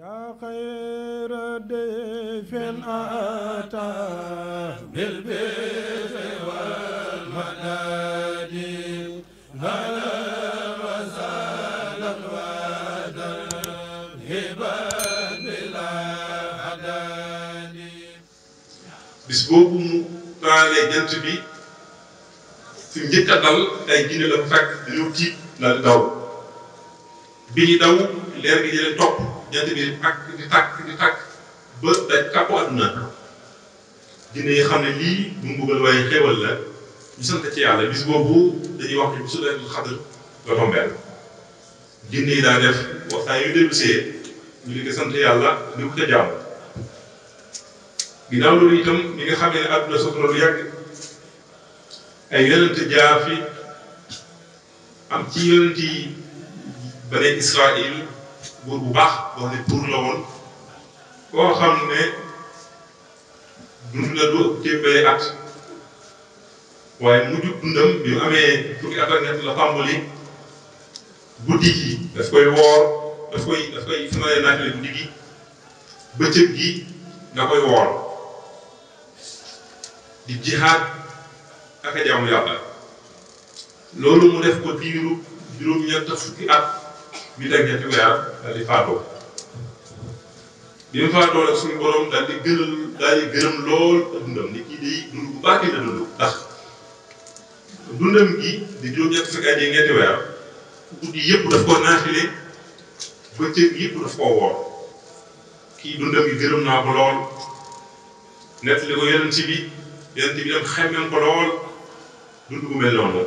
يا خير ضيف أتى بالبر والمنادي هلا وسهلا الوعدا هبا بلا عداد bis boobu mu taalee jant bi fi njëkk a dal ay jinne la fekk dañoo tiit daal daw bi daw leer gi di leen jant bi di takk di takk di takk ba daj kàppu àdduna dina yi xam ne lii mu mbugal waaye xéewal la ñu sant ci yàlla bis boobu dañuy wax ne bisu leen xadr la tombeel jinne yi daa def waxtaan yu dellu see ñu di ko sant yàlla di ko ca jàmm ginnaaw loolu itam ñi nga xam ne àdduna soxla lu yàgg ay yonent jaar fi am ci yonent yi bane Israël buur bu baax boo ne pour la woon koo xam la du téeméeri at waaye mujj dundam bi mu fukki at ak la tàmbali guddi gi daf koy woor daf koy daf koy fanaanee naafile guddi gi bëccëg gi da koy woor di jihaad ak a ñu teg ñetti weer daal faatoo bi mu faatoo nag suñu borom daal di daal di gërëm lool ak dundam ni kii day dund bu baax la dund ndax dundam gi di juróom-ñetti fukki at yi ñetti weer guddi yëpp daf ko naafile bëccëg yëpp daf koo woor kii dundam gi gërëm naa ko lool nettali ko yonent bi yonent bi dem xemmeem lool dund bu mel noonu.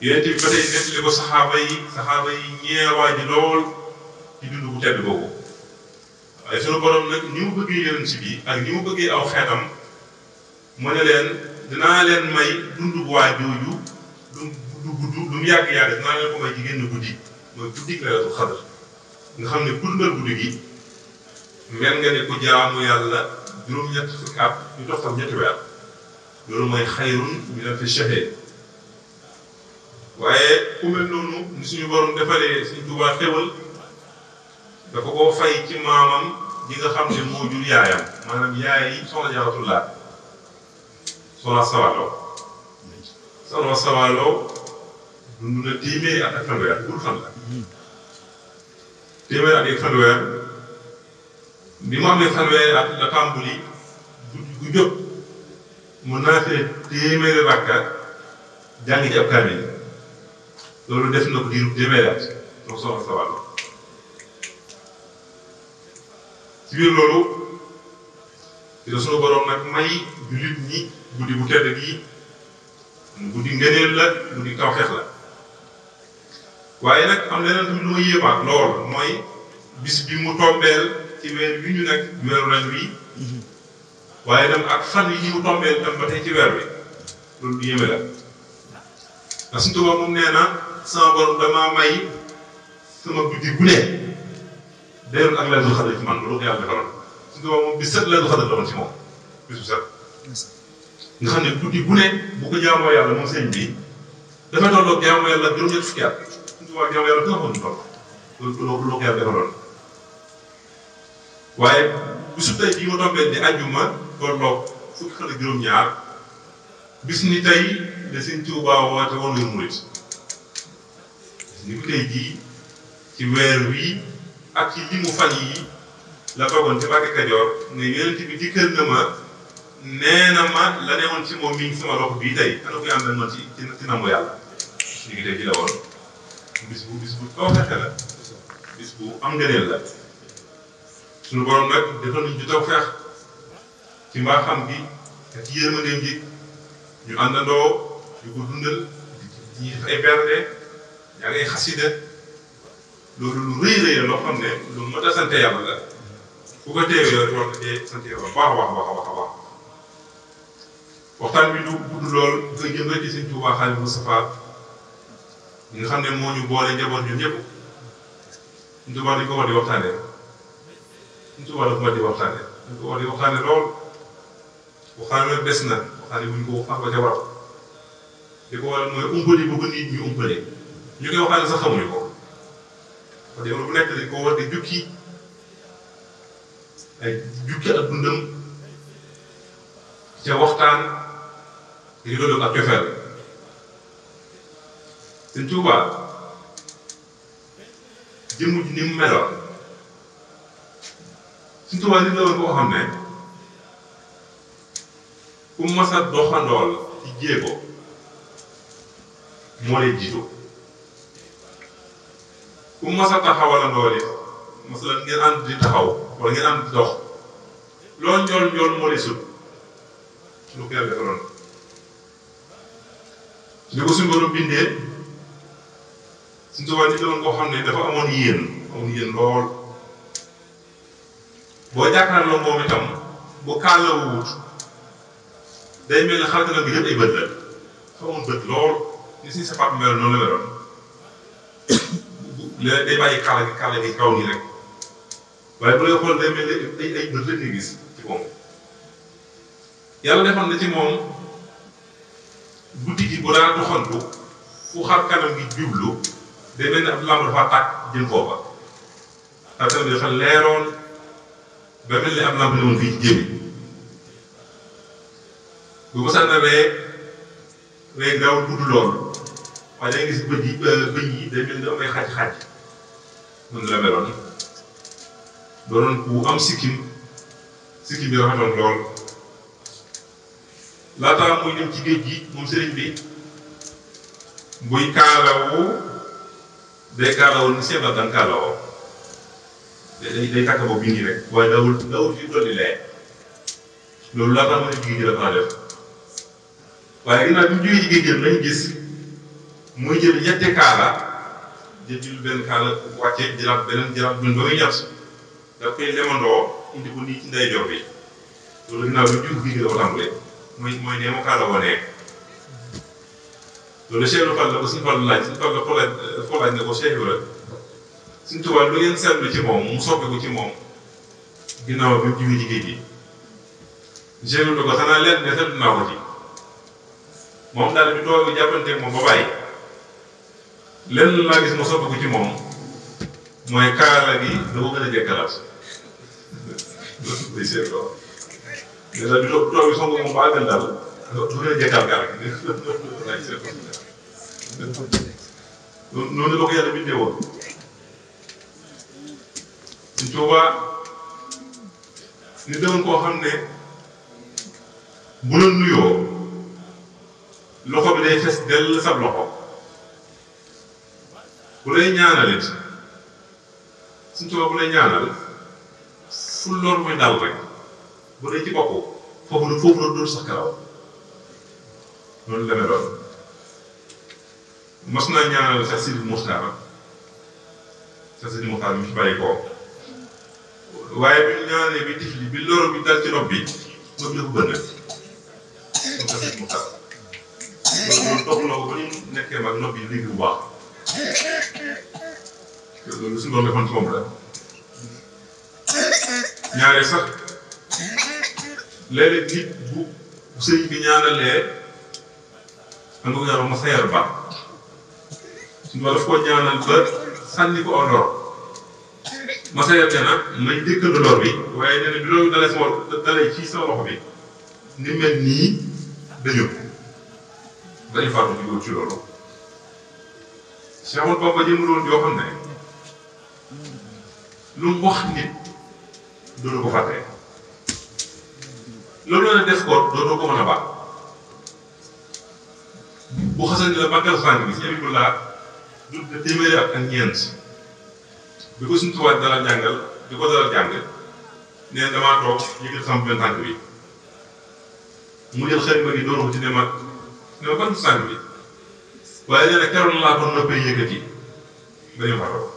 yonent bi ba tey nettali ko saxaaba yi saxaaba yi ñeewaa ji lool ci dund bu tedd boobu waaye sunu borom nag ni mu bëggee yonent bi ak ni mu bëggee aw xeetam mu ne leen dinaa leen may dund bu waa jooju lu gudd lu mu yàgg yàgg dinaa leen ko may jigéen ñi guddi mooy guddi Laylatul Qadr nga xam ne kundal guddi gi mel nga ne ku jaamu yàlla juróom-ñett fukki at yu dox tam ñetti weer loolu mooy xayrun min alfi shahr waaye ku mel noonu ni suñu borom defalee suñ Tuubaa xéwal dafa koo fay ci maamam ji nga xam ne moo jur yaayam maanaam yaay yi soxna Jaaratullaa soxna Sawalo soxna Sawalo dund na téeméeri at ak fanweer bul fan la téeméeri at ak fanweer bi mu amee fanweeri at la tàmbuli gu jóg mun naa fee téeméeri rakka jàngi ci loolu def na ko diiru téeméeri at pour soxna sa wàll ci biir loolu dina sunu borom nag may jullit ñi bu tedd gi guddi ngëneel la guddi kaw waaye nag am leneen tamit lu ma mooy bis mu tombeel ci weer wi ñu nekk weeru nañ wi waaye dem ak ¿ah? fan yi mu tombeel dem ba tey ci weer wi loolu du yéeme la ndax suñu tubaab sama borom damaa may sama guddi gu ne déwén ak laylatul xadar ci man loolu yàlla defaloon su ko moom bi set laylatul xadar la woon ci moom bis bu set. nga xam ne guddi gu ne bu ko jaamoo yàlla moom sëñ bi dafa tolloog jaamoo yàlla juróom waaye bisu tey bii ma tombee di àjjuma tolloog fukki xel ak juróom-ñaar bis ni tey de sëñ Tuubaa woote woon murit ni ku tey jii ci weer wii ak ci limu fan yi la toogoon ci Mbàkke Kajoor ne yonent bi dikkal na ma nee ma la ne woon ci moom mi sama loxo bii tey ana koy àndal ma ci ci namu yàlla ñu ci la woon bis bu bis bu tawfeexe la bis bu am ngëneel la suñu borom nag defal nañ ci tawfeex ci mbaaxam gi ak yërmandeem ji ñu àndandoo di ko dundal di def ay bernde yaa ngay xasida loolu lu rëy rëy la loo xam ne lu mot a sant yàlla la ku ko teewee war nga cee sant yàlla baax a baax a baax a baax waxtaan bi du gudd lool nga jëm rek ci Sëñ Tuubaa Xaadimu Mustafaa xam ne moo ñu boole njaboot ñun ñëpp ko war di waxtaanee Sëñ ko war di waxtaanee lool waxtaanee bés na waxtaanee bu ñu ñu koy waxtaane sax xamuñu ko kon bu nekk dañ koo war di jukki ak dundam ca waxtaan di ak cofeel Sëñ Tuubaa jëmm ji ni mu meloon Sëñ Tuubaa nit la woon koo xam ne ku mas doxandool ci jéego moo lay jiitu ku mës a taxawalandoole masalan ngeen ànd di taxaw wala ngeen ànd di dox loo njool njool moo desul suñu père defaloon li ko suñu borom bindee suñu tubaab di xam ne dafa amoon yéen amoon yéen lool boo jàkkaarloo moom itam bu kàllawuwut day mel ne xar kanam bi yëpp ay bët la dafa amoon bët lool ni si sa papa noonu la léeg day bàyyi xale gi xale gi kaw nii rek waaye bu lay xool day mel ci moom na day mel ni ab lamb dafa tàkk jëm bu ma sànni ree ree gaaw gudd lool waaye da gis bëj yi bëj yi day mel ni am ay xaj-xaj. noonu la meloon doonoon ku am sikkim sikkim bi rafetoon lool laataa muy dem ci géej gi moom sëriñ bi buy kaalawu day kaalawul ni seen bakkan kaalawoo day day takk bopp bi ngi rek waaye dawul dawul fi dolli lee loolu laataa muy dem ci géej gi la fa def waaye ginnaaw bi mu jógee ci géej gi nañ gis muy jël ñetti kaala jëndil benn kaala wàcceeg jëlaat beneen jëlaat benn ba nga jàpp da koy lemandoo indi ko nii ci ndeyjoor bi loolu ginnaaw bi jur gi dafa tàmbalee mooy mooy nee ma kaala woo nekk loolu Cheikh Fall la ko suñu Fall laaj suñu Fall la xoolaaj na ko Cheikh Ibra suñu tubaab lu ngeen seetlu ci moom mu soppi ko moom ginnaaw bi mu jugee ci géej gi Cheikh Ibra ko xanaa leen ne seetlu naa ko ci moom daal bi toog jàppanteeg moom ba lenn laa gis mu soppiku ci moom mooy kaala gi da ko gën a jëkkalaat day seetloo dèjà bi toog toog bi song moom ba àggal daal du gën a jëkkal gaal gi day seetloo noonu la ni doon koo xam ne bu la nuyoo loxo bi day fes dell sab loxo bu lay ñaanalit suñ tuba bu lay ñaanal fu lool muy dal rek bu dee ci bopp foofu la foofu la dul sax karaw loolu la meloon mas naa sax Sidi Muxtaar sax Sidi Muxtaar sax Sidi loolu loolu topp na ko ba ñu nekkee mag nopp yi léegi bu baax loolu suñu doon defoon ci moom la sax léeg nit bu sëñ bi ñaanalee xam ko ñaanal mos a ba suñu doon daf koo ñaanal ba sànni ko or lor a nee na may njëkkal lor bi waaye nee na bi loolu dalee sama dalee ci sama loxo bi ni mel nii dañu dañu fàttali ñu ci loolu. Seexul Bamba jëmm loolu joo xam ne lu mu wax nit dootu ko fàtte loolu la def ko dootoo ko mën a baax bu xasal ni la màggal sànq bi sëñ bi laa dund na téeméeri at ak ñeent bi ko suñu tubaab dalal jàngal di dalal jàng nee damaa toog yëgal sama benn tànk bi mu jël xarit ba gi doon ko ci ne ma ne ma ban sànq bi. waaye nee na keroog laa ko noppee yëkkati dañu ma toog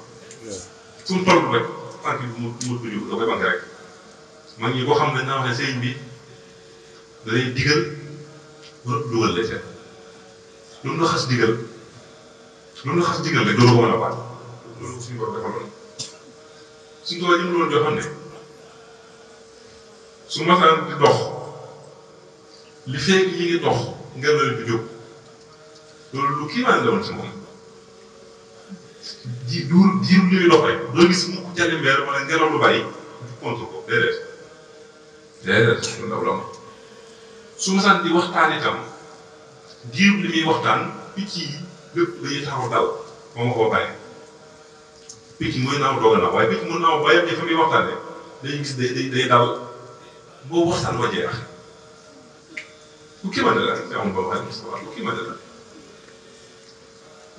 fu mu toll rek tànk bi mu mu tudd da koy banque rek mag ñi ko xam ne naa wax ne sëñ bi da lay digal dugal lay seet lu mu la xas digal lu mu la xas digal rek doo ko mën a baat loolu suñu borom defaloon suñu tool yi ñu doon joxoon ne su masaan di dox li feeg li ngi dox ngelaw li du jóg. loolu lu kii maan la woon ci moom ji duur diiru ñuy dox rek doo gis mukk jàlli mbeer ngelaw lu bàyyi du contre ko déedéet déedéet lu ndaw la di waxtaan itam diiru li muy waxtaan picc yi lépp dañuy taxaw dal moo ma koo bàyyi picc mooy naaw doog a naaw picc mu naaw bàyyi ne fa muy waxtaanee dañuy gis day day dal boo waxtaan wa jeex ku ma ne la te ma ne la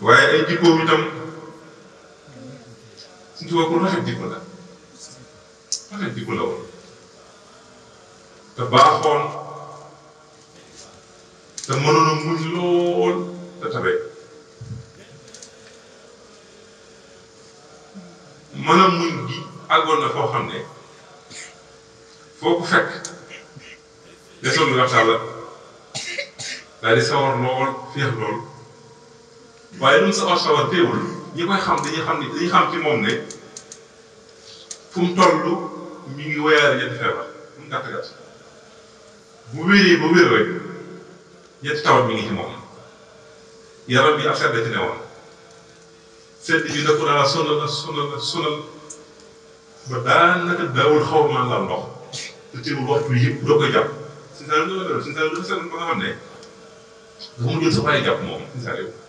waaye ay jikkoom itam suñu tubaab ku rafet jikko la rafet jikko la woon te baaxoon te mënoon a muñ lool te tabe mën a muñ gi àggoon na foo xam ne foo ko fekk desoon lu waxtaan la daal di sawar lool féex lool. waaye ñun sa sawar teewul ñi koy xam dañuy xam ni dañuy xam ci moom ne fu mu toll mi ngi woyaale ñetti feebar mu gàtt gàtt bu wéree ba wér rek ñetti tawat mi ngi ci moom yaram bi ak sedd ci ne woon sedd bi nag ko daan sonal sonal sonal ba daanaka daawul xaw ma lan ndox te teewul waxtu bi yëpp doo koy jàpp si saa yu nga la gërëm si saa yu nga xam ne dafa mu jël sa bàyyi jàpp moom si saa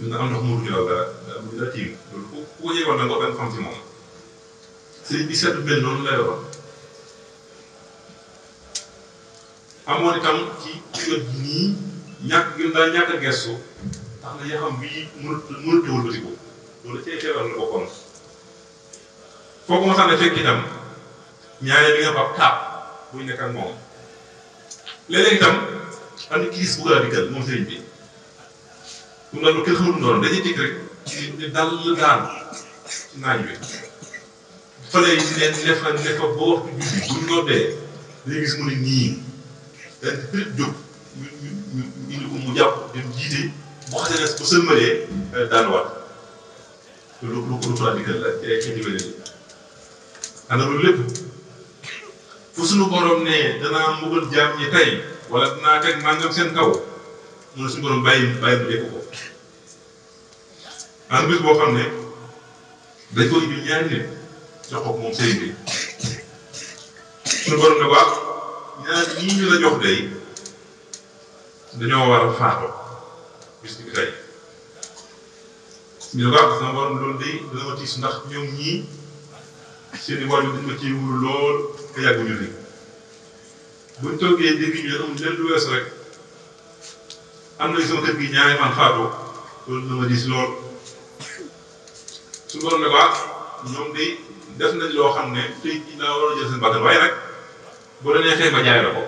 dina am ndox mu dugg yow nga nga tiim loolu ku ku ko benn xam ci moom sëriñ bi seetu euh, benn noonu la ci kër nii ñàkk gi daal ñàkk gestu tax na yoo xam bii mënut mënut a wëlbati ko loolu cee feebar la bokkoon foo ko mos a ne fekk itam ñaareel bi nga fab taab buy nekk ak moom léeg-léeg itam am na kiis bu gën a dikkal moom sëriñ bi. bu mel ni kenn xamul noonu dañuy dégg rek ci dal daan ci naaj wi fële yi ne ne fa ne fa boo waxtu julli bu ñu noddee dañuy gis mu ne nii dañ indi ko mu jàpp dem jiite bu xasee bu sëlmalee euh, daan waat te lu lu lu pratiquer la ci ay xeeti wér ana loolu lépp fu suñu borom ne danaa mbugal jaam ñi tey wala dinaa teg màngam seen kaw mu ne suñu borom bàyyi bàyyi mu dégg ko. entreprise boo xam ne dañ ko indi ñaari nit ko moom sëriñ bi suñu ne ah, jox day dañoo war a faatoo bis bi tey ñu ne waaw ah, sama borom loolu day dina ma tiis ndax ñoom ñii seen i wàllu dañ ma ciy wóor lool te yàgguñu li buñ toogee dégg ñu ne amul lenn lu wees rek am nañ sama kër gi ñaari man faatoo loolu dina ma diis lool. suñu borom ne ko ah ñoom de def nañ loo xam ne tey jii laa war a jël seen bakkan waaye nag bu la neexee ma jaay la ko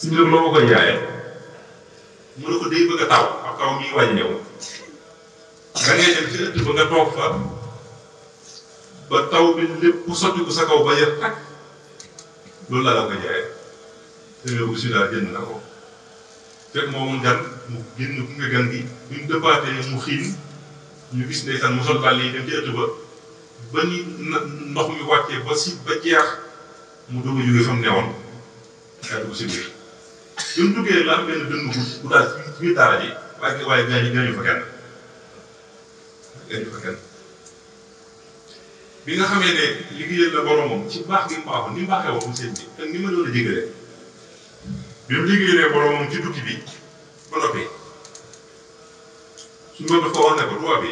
suñu lëb loo ma ko day bëgg a taw ak kaw mi ba nga toog fa ba taw bi lépp sotti ko sa kaw ba loolu laa la ko jaayee te loolu si laa jënd na ko fekk moom gan mu génn ku nga gan gi bi dëppaatee mu xiin. ñu gis ndeysaan mu sol bàll yi dem ci ëtt ba ba ni ndox mi wàccee ba si ba jeex mu doog a jógee fa mu newoon daa dugg si biir bi mu duggee la am benn dënnu bu bu daal ci biir daara ji waaye waaye gaañu gaañu fa kenn gaañu fa kenn bi nga xamee ne liggéeyal na boromam ci baax gi mu baaxoon ni mu baaxee waxum seen bi ak ni ma doon a jégalee bi mu liggéeyalee boromam ci tukki bi ba noppi. suñu bët daf ko wax ne ko loi bi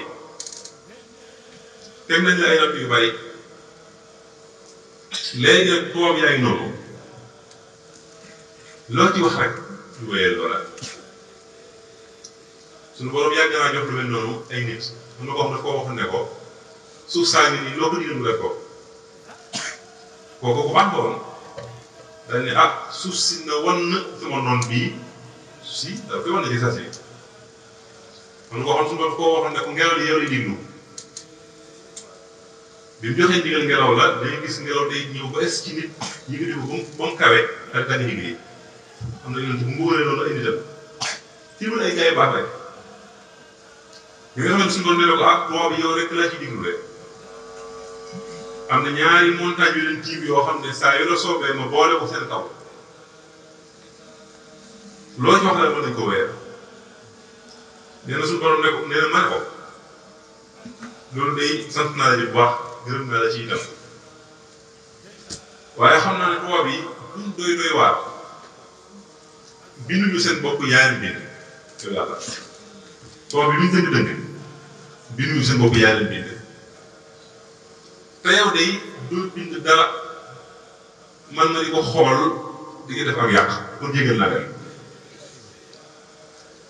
teg nañ la ay natt yu bari léegi nag tubaab yaa noonu loo ci wax rek ñu wéyal loola suñu borom yàgg naa jox ko wax ne ko suuf saa ngi nii loo ko digal mu def ko kooku baax la woon ne ah suuf si na wan sama noon bii si daf koy wan na ci saa si. kon waxoon suñu bopp koo waxoon ne ko ngelaw li yow di diglu bi mu joxee ndigal ngelaw la dañu gis ngelaw day ñëw ba es ci nit ñi ba mu ba mu kawe ak dagg liggéey am na yoon bu mbuuree noonu ah, rek laa ci diglu rek am ñaari montagne yu yoo xam ne saa yu la soobee ma boole ko seen kaw loo ci wax la mën ko weer nee na suñu borom ne ko nee na ko loolu day sant naa la ji gërëm naa la ci itam waaye xam naa ne tubaab yi duñ doy doy waar binduñu seen bopp yaayam bind te seen bopp yaayam bind te yow day doo bind dara man na di ko xool di nga def ak yàq kon yëgal naa leen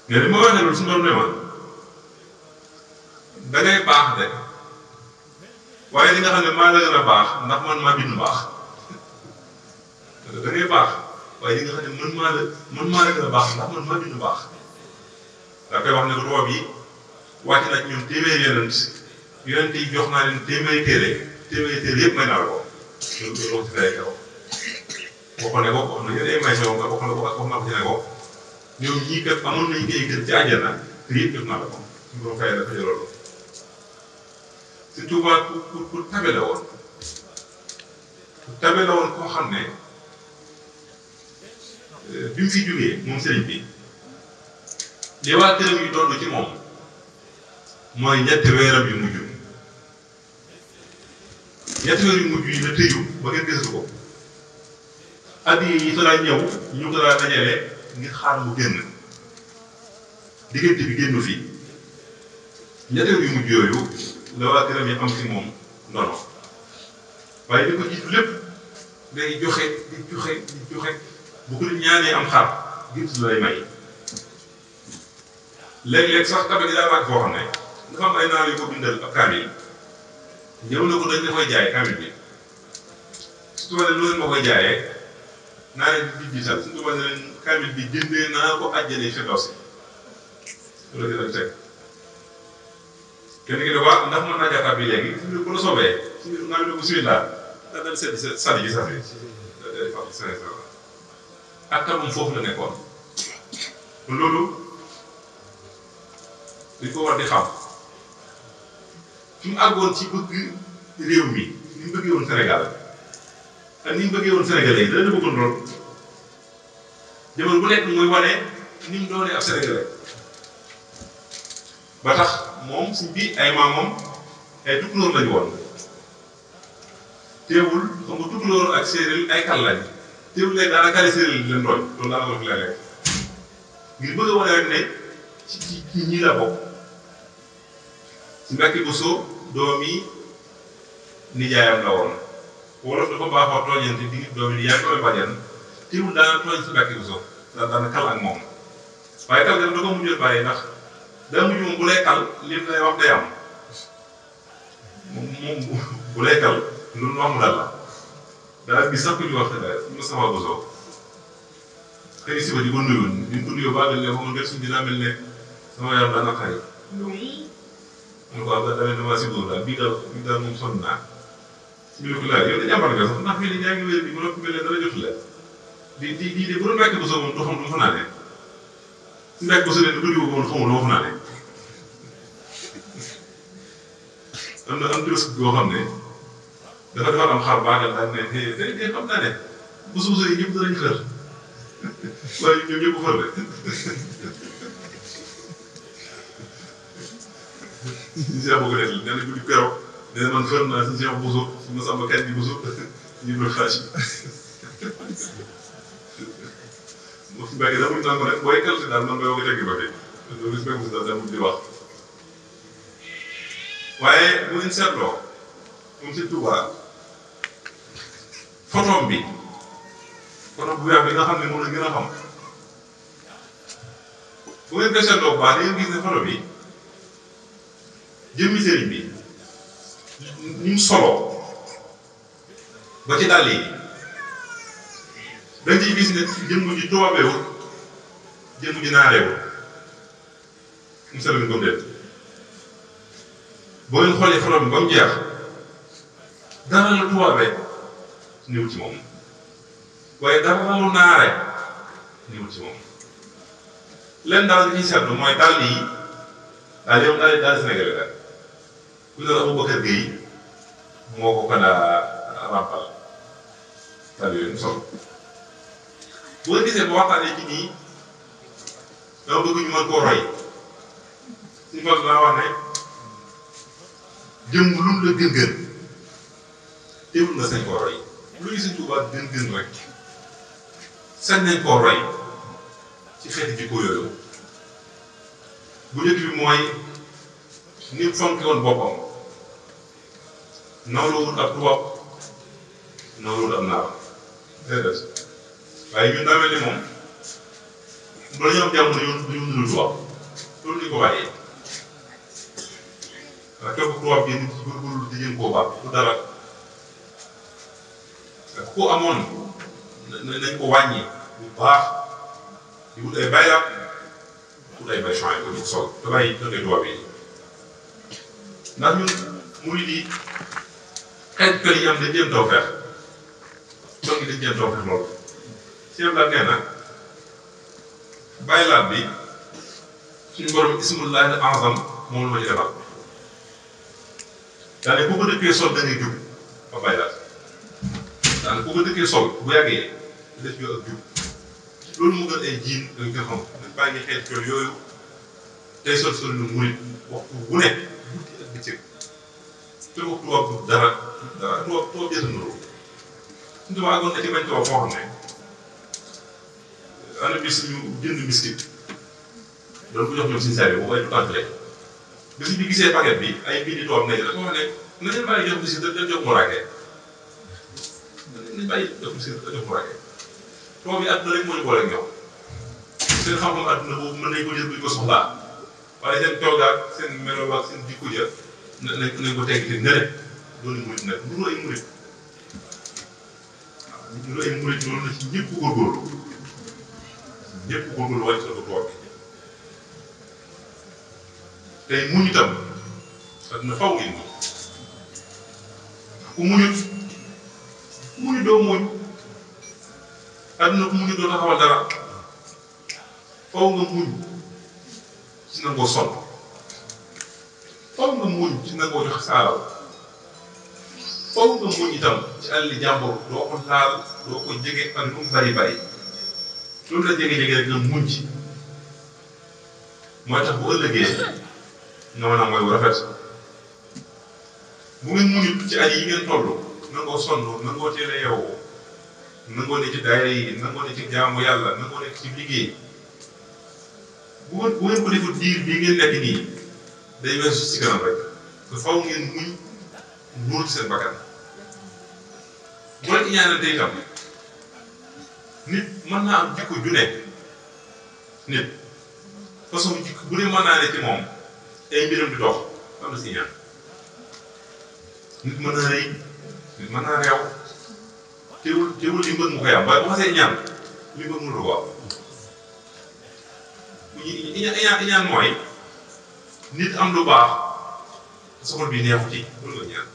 mais bi ma waxee ne ma da ngay baax ne maa la gën a baax ndax man maa bind baax da baax waaye li xam ne man maa la man maa la gën a baax ndax man maa bind baax da wax ne roob yi wàcc na ci ñun téeméeri yonent yonent yi jox naa leen téeméeri téere téeméeri téere yëpp may naa ko loolu loolu wax ci lay kaw waxoon ne ko wax na yéen ay may ñëw nga waxoon ne ko wax na ko ci ne ko ñoom ñii kat amoon nañu ay gën ci àjjana te yëpp jot naa la ko suñu borom fayal la fajaloo loolu ku ku ku tabe ku tabe la woon koo xam ne euh, bi mu fi jógee moom sëriñ bi li waa këram yu doon ci moom mooy ñetti weeram yu mujj ñetti weer yu mujj yi la tëju ba ngeen gisatu ko at yii yi soo daan ñëw ñu ko daan ngir xaar mu génn diggante bi génnu fi ñetteel yu mujj yooyu la waa këram yi am fi moom ndono waaye li ko jiitu lépp day joxe joxe joxe bu ko ñaanee am xar gis lay may léeg-léeg sax kaba gi daa baax boo xam ne dafa am ay naar yu ko bindal ak kaamil ñëw na ko dañ ne koy jaay kaamil bi su tubaab leen ma koy jaayee naa leen di jiital su tubaab leen kamil bi jëndee naa ko àjjana Firdawsi loolu la gën ah, ndax mën naa jàkkaar bi léegi su ñu ko la soobee su ñu naan ko laa da dal sedd sa sànni gi sax ak tamum foofu la nekkoon loolu dañ ko war di xam fi mu àggoon ci bëgg réew mi ni mu bëggee woon Sénégal ak ni mu bëggee woon Sénégalais yi dana bëggoon lool. jamono bu nekk muy wane ni mu doonee ab Sénégalais moom suñ bi ay maamam ay tukulóor lañu woon teewul xam nga tukulóor ak séeréer ay kal lañ teewul léegi daanaka kale séeréer lañ leen doon loolu la lekk ngir bëgg a wane ne ci ci ci ñii la bokk si Mbàkke Bousso doomi nijaayam la woon wolof dafa baaxoo tooñante digg doomi nijaay doomi bàjjan diwul daana tooñ si bàkki bu sow ndax daana kal ak moom waaye kal gam da ko mujjee bàyyi ndax daa mujj moom bu lay kal lim lay bu lay lu mu wax mu dal la daa gis sax ku ñu wax Moustapha Bousso xëy si ba di ko nuyu di mel ne sama yaram daana xari mu ko am ah, da damay damaa si góor daal bii nii ñaa ngi wér di mu noppi mel ne dara jotu la di di di de bu doon mbàkk bu soo woon doo xam du fa naanee mbàkk bu soo leen guddi woon xamul doo fa naanee am na am turist boo xam ne dafa defar am xar baagal daal ne eh tey tey xam naa ne bu su bu su yi ñëpp danañ xër waaye ñoom ñëpp xër de suñu seex boo ko def nee na guddi keroog nee na man xër naa suñu seex bu su suñu sàmm kañ bi bu su ñu bëri xaaj mu si bëri demul naan ko rek booy calcul daal man booy wax dëgg ba fi loolu si bëgg wax waaye bu ñu seetloo moom si Touba photom bi photom bu weex bi nga xam ne moom la gën a xam bu ngeen ko seetloo bu baax ne photo bi ni solo ba ci dàll yi. dañ ciy gis ne jëmm ji toobeewul jëmm ji naareewul monsieur le maire boo leen xoolee xolam ba mu jeex dara la toobe ñëwul ci moom waaye dara lu naare ñëwul ci moom leen daal li ñuy seetlu mooy dàll yi daal yow daal daal ku ne la Aboubacar Gueye moo ko ko daa ràmpal dàll mu sol bu nga gisee ba waxtaanee ci nii dama bëgg ñu mën koo roy suñu fas laa wax ne jëmm lu mu la gën gën teewul nga sañ koo roy lu ñu Sëñ Tuubaa rek sañ nañ koo roy ci xeeti jikko yooyu bu njëkk bi mooy ni fonki woon boppam nawlawul ab tubaab nawlawul ab naar déedéet waaye ñun daa mel ni moom loolu ñoom jàmm nañu dañoo mën a tubaab loolu ñu ko bàyyee ndax képp tubaab yi nit ci góorgóorlu di jéem koo baax du dara ku amoon nañ ko wàññi bu baax di wut ay bayra wut ay bay champs yi ko ñu sol te bàyyi dëkk tubaab yi ndax ñun muy di xeet kër yi am dañ jéem taw feex donc dañ jéem taw feex loolu. sëñ la nee na bàyyi laat bi suñu borom ismullahi al azam moom la ñu defal daanaka bu ko dëkkee sol da jub ba bàyyi laat daanaka bu ko dëkkee sol bu yàggee def yoo ak jub loolu mu gën ay jiin ak jëfam dañ bàyyi xeet col yooyu tey sol sol lu murit waxtu bu ne guddi ak bëccëg te waxtu waxtu dara dara tubaab tubaab jënd loolu suñu tubaab àggoon na ci bañ tubaab foo xam ne. benn bis ñu jënd biscuit doon ko jox ñoom suñu saa yi boo ba si bi gisee paquet bi ay bii di toog nga jël wax ne nañu bàyyi jox biscuit da jox mu raakee nañu bàyyi jox biscuit da jox mu raakee toog yi àdduna rek moo ñu boole ak ñoom seen xam-xam àdduna boobu mën nañu ko jël bu ñu ko soxlaa waaye seen toogaat seen melo ak seen jikko ja na nañ ko tegg te nere loolu murit nag lu ay murit waaw lu ay murit loolu na ci ñëpp góorgóorlu ñëpp ko dul wàcc sa du toog tey muñ itam adduna faw ngi muñ ku ku muñut doo muñ adduna ku muñut doo taxawal dara faw nga muñ si nangoo sonn faw nga muñ si nangoo jox saalal faw nga muñ itam ci àll jàmbur doo ko laal doo ko jege ak lu mu bari bari lu mu la jege-jege rek na muñ ci mooy tax bu ëllëgee nga mën a mooy bu rafet bu ngeen muñut ci at yi ngeen toll nangoo sonn nangoo teel a nangoo ne ci daayira yi nangoo ne ci yàlla nangoo liggéey bu ngeen bu ngeen ko defut diir bii ngeen nekk nii day weesu si kanam rek te ngeen muñ luur seen bakkan bu leen ñaanal tey tam. nit mën naa am jikko nit façon jikko bu ne mën naa ne ci moom ay mbiram di dox am na si ñaan nit mën naa nit mën naa reew teewul teewul li mu bëgg mu koy am waaye bu xasee ñaan li mu bëgg mu lu ko bu ñu ñaan ñaan mooy nit am lu baax soxla bi neexu ci loolu la ñaan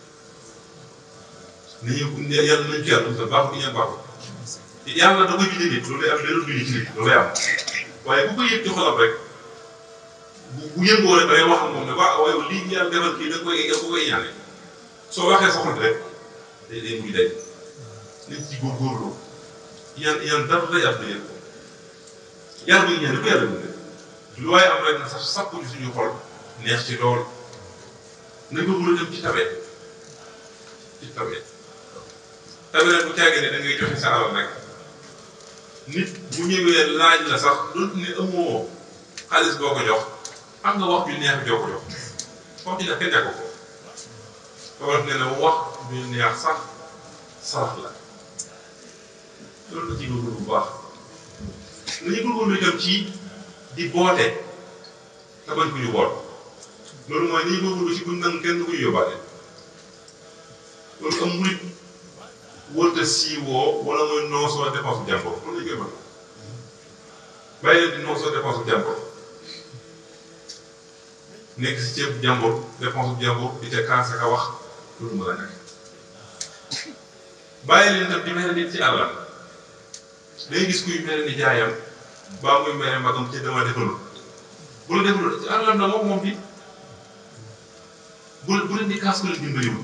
nañu yàlla nañu ci yàlla baaxul ñaan baaxul. yàlla da koy bindee nit loolu day am benn bind ci nit loolu day am waaye bu ko yëg ci xolam rek bu bu yëngoo rek da ngay wax ak moom ne waaw ah, waaye lii yàlla defal kii da nga koy da nga koy ñaane soo waxee sa xol rek day day mujj day nit ci góorgóorlu yan yan dara lay am di leen ko yar bu ñu ñaan ko yàlla bindee lu waaye am rek na sax sàpp ci suñu xol neex ci lool na nga mën a dem ci tabe ci tabe tabe nag bu caagee ne da ngay joxe sa alal rek. nit bu ñëwee laaj la sax dootu ne amoo xaalis boo ko jox am nga wax ju neex joo ko jox wax ju neex kenn ko ko wolof nee na wax ju neex sax sarax la loolu la ci di boote te bañ ko ñu boot loolu mooy li ñu góorgóorlu ci buñ nang kenn du ko ñu yóbbaale loolu am murit wërta siiwoo wala muy noosoo dépense bu jàmbur loolu bàyyi leen di noosoo dépense bu nekk si ceeb jàmbur dépense bu di ca kaas ak a wax loolu mën a nekk bàyyi leen itam di mel nit ci àll day gis kuy mel ni jaayam baa muy mel magam ci dama defalu bu la defalu ci àllam na moom moom bi bu bu leen di kaas ko leen dimbaliwul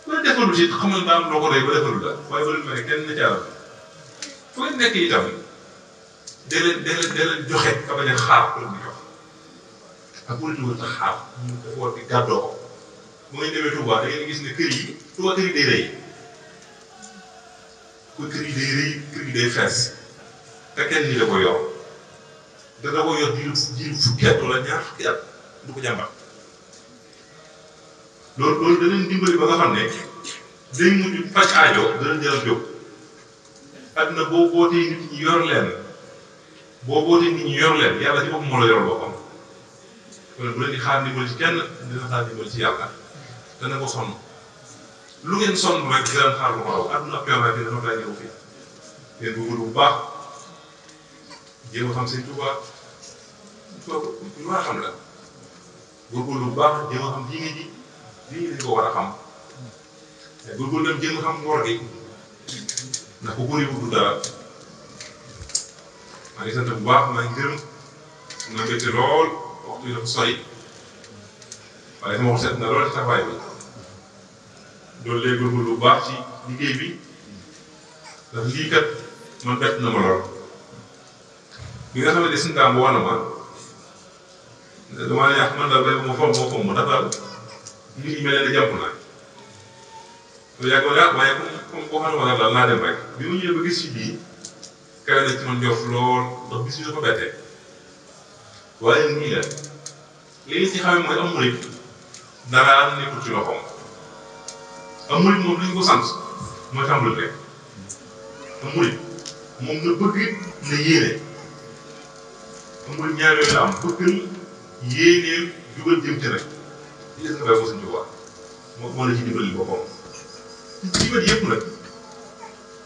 ku la defalu ci xamal ba am loo ko doy ba defalu la waaye ba lu mel kenn na caa fu ngeen nekk itam dee leen dee leen joxe ka bañ a xaar ku leen di jox ak ku leen di demee Touba da ngeen gis ne kër yi Touba kër yi day rëy ku kër yi rëy kër yi fees te kenn nii la ko yor da da yor jiitu jiitu fukki at wala ñaar fukki du ko jàmbat. loolu loolu danañ dimbali ba nga xam ne day mujj faj aajo danañ jël jóg àdduna boo bootee nit ñi yor leen boo bootee nit ñi yor leen yàlla ci boppam moo la yor boppam kon bu leen di xaar ndimbal ci kenn dina xaar ndimbal ci yàlla dana ko sonn lu ngeen sonn rek dinañ xaar lu ko raw àdduna ak yow bi dama lay ñëw fii ngeen bëgg bu baax jéem a xam seen Tuubaa kooku lu ma xam la góorgóorlu bu baax jéem a xam ji nga ji. lii dañ ko war a xam góorgóorlu dem jéem a xam ngor gi ndax ku góor yi du dara maa ngi sant bu baax maa ngi gërëm na mbégte lool waxtu bi dafa sori waaye sama wax na lool ci taxawaay bi loolu lay góorgóorlu bu baax ci liggéey bi ndax lii kat man bett na ma lool bi nga xamante ne suñu daan boo na ma ne ah man daal béy ma fomm moo fomm mu tax daal. nit ñi mel ne jàpp naa lu yàgg la waaye comme comme waxal ma daal naa dem rek bi mu ñëwee ba gis bii kawe na ci man jof lool ndax bis bi dafa bettee waaye nii la li ñu ci xamee mooy am murit dara nekkul ci loxoom am moom dañu ko sant mooy tàmbali rek am murit moom nga bëgg nga yéene am murit ñaar yooyu la am bëggal yéeneel jugal jëm ci rek. li nga xam ne mooy moo moo la ci dimbali boppam ci wet yëpp nag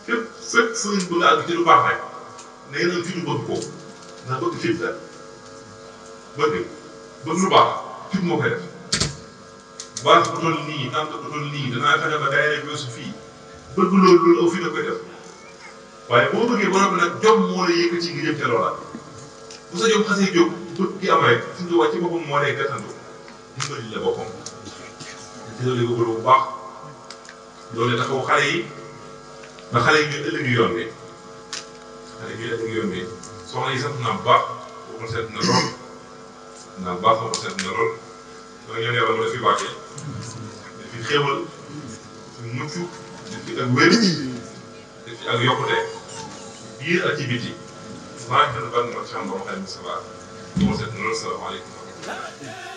fépp fépp fu ngeen bëgg a àgg ci lu baax rek na ngeen am fi ñu bëgg ko ndax bëgg fit la bëgg bëgg lu baax fit moo koy def baax bu toll nii tant bu toll nii danaa fexe ba day rek weesu fii bëgg loolu loolu aw fi da koy def waaye boo bëggee ba noppi nag jom moo la yëkkati ci ngir jëm ca loola bu sa jom xasee jóg bëgg gi am rek suñu wàcc boppam moo lay gàttandu dimbali la boppam dimbali la boppam bu baax loolu taxaw xale yi ba xale yi ñuy ëllëg yoon bi xale yi ñuy ëllëg yoon bi soxna yi sant naa bu baax waxuma seet na lool naa bu baax waxuma seet na lool dama ñaan yàlla mu def fi barke def fi xéewal def fi mucc def fi ak wér def fi ak yokkute biir ak ci biti maa ngi leen di ban ma ci xam ba ma xayma sa baax waxuma seet na lool salaamaaleykum